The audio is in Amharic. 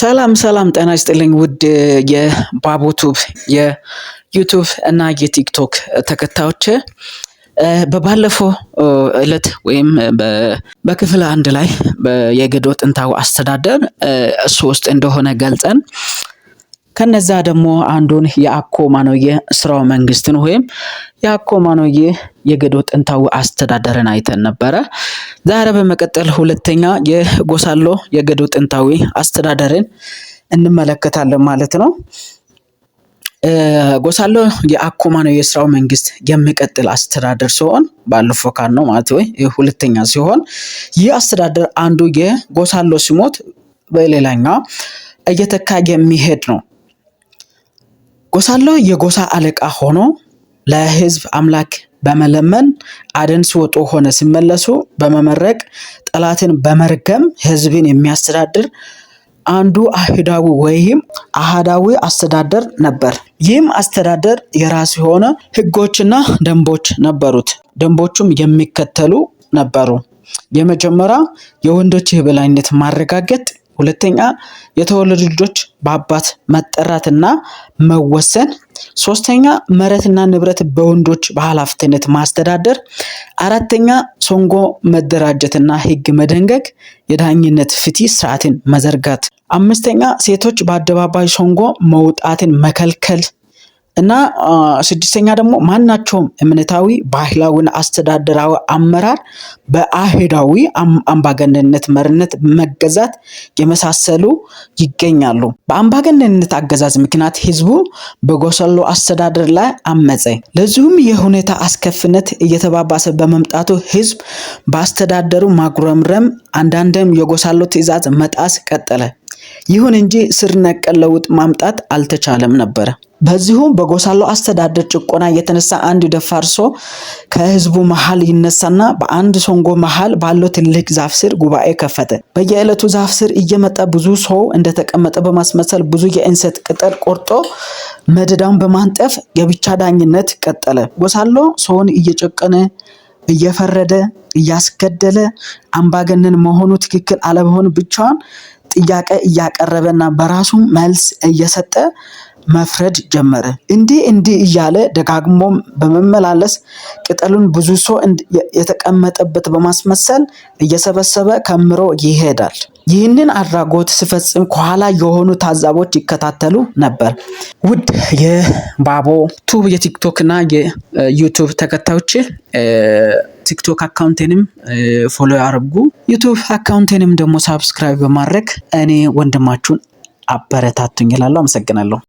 ሰላም ሰላም ጤና ይስጥልኝ ውድ የባቡቱብ የዩቱብ እና የቲክቶክ ተከታዮች በባለፈው እለት ወይም በክፍል አንድ ላይ የገዶ ጥንታዊ አስተዳደር ውስጥ እንደሆነ ገልጸን ከነዛ ደግሞ አንዱን የአኮ ማኖዬ ስራው መንግስትን ወይም የአኮ ማኖዬ የገዶ ጥንታዊ አስተዳደርን አይተን ነበረ። ዛሬ በመቀጠል ሁለተኛ የጎሳሎ የገዶ ጥንታዊ አስተዳደርን እንመለከታለን ማለት ነው። ጎሳሎ የአኮ ማኖዬ ስራው መንግስት የሚቀጥል አስተዳደር ሲሆን ባለፈው ካን ነው ማለት ወይ ሁለተኛ ሲሆን ይህ አስተዳደር አንዱ የጎሳሎ ሲሞት በሌላኛው እየተካ የሚሄድ ነው። ጎሳለው የጎሳ አለቃ ሆኖ ለህዝብ አምላክ በመለመን አደን ሲወጡ ሆነ ሲመለሱ በመመረቅ ጠላትን በመርገም ህዝብን የሚያስተዳድር አንዱ አህዳዊ ወይም አህዳዊ አስተዳደር ነበር። ይህም አስተዳደር የራሱ የሆነ ህጎችና ደንቦች ነበሩት። ደንቦቹም የሚከተሉ ነበሩ። የመጀመሪያ የወንዶች የበላይነት ማረጋገጥ፣ ሁለተኛ የተወለዱ ልጆች በአባት መጠራትና መወሰን፣ ሶስተኛ መሬትና ንብረት በወንዶች በኃላፊነት ማስተዳደር፣ አራተኛ ሶንጎ መደራጀትና ህግ መደንገግ፣ የዳኝነት ፍትህ ስርዓትን መዘርጋት፣ አምስተኛ ሴቶች በአደባባይ ሶንጎ መውጣትን መከልከል እና ስድስተኛ ደግሞ ማናቸውም እምነታዊ ባህላዊና አስተዳደራዊ አመራር በአህዳዊ አምባገነንነት መርነት መገዛት የመሳሰሉ ይገኛሉ። በአምባገነንነት አገዛዝ ምክንያት ህዝቡ በጎሰሎ አስተዳደር ላይ አመፀ። ለዚሁም የሁኔታ አስከፍነት እየተባባሰ በመምጣቱ ህዝብ በአስተዳደሩ ማጉረምረም፣ አንዳንድም የጎሳሎ ትእዛዝ መጣስ ቀጠለ። ይሁን እንጂ ስር ነቀል ለውጥ ማምጣት አልተቻለም ነበረ። በዚሁም በጎሳሎ አስተዳደር ጭቆና የተነሳ አንድ ደፋር ሰው ከህዝቡ መሃል ይነሳና በአንድ ሶንጎ መሃል ባለው ትልቅ ዛፍ ስር ጉባኤ ከፈተ። በየዕለቱ ዛፍ ስር እየመጣ ብዙ ሰው እንደተቀመጠ በማስመሰል ብዙ የእንሰት ቅጠል ቆርጦ መደዳውን በማንጠፍ የብቻ ዳኝነት ቀጠለ። ጎሳሎ ሰውን እየጨቀነ እየፈረደ እያስገደለ አምባገነን መሆኑ ትክክል አለመሆኑ ብቻውን ጥያቄ እያቀረበና በራሱ መልስ እየሰጠ መፍረድ ጀመረ። እንዲህ እንዲህ እያለ ደጋግሞ በመመላለስ ቅጠሉን ብዙ ሰው የተቀመጠበት በማስመሰል እየሰበሰበ ከምሮ ይሄዳል። ይህንን አድራጎት ሲፈጽም ከኋላ የሆኑ ታዛቦች ይከታተሉ ነበር። ውድ የባቦ ቱብ የቲክቶክ እና የዩቱብ ተከታዮች ቲክቶክ አካውንቴንም ፎሎ ያደርጉ፣ ዩቱብ አካውንቴንም ደግሞ ሳብስክራይብ በማድረግ እኔ ወንድማችሁን አበረታቱኝ ይላሉ። አመሰግናለሁ።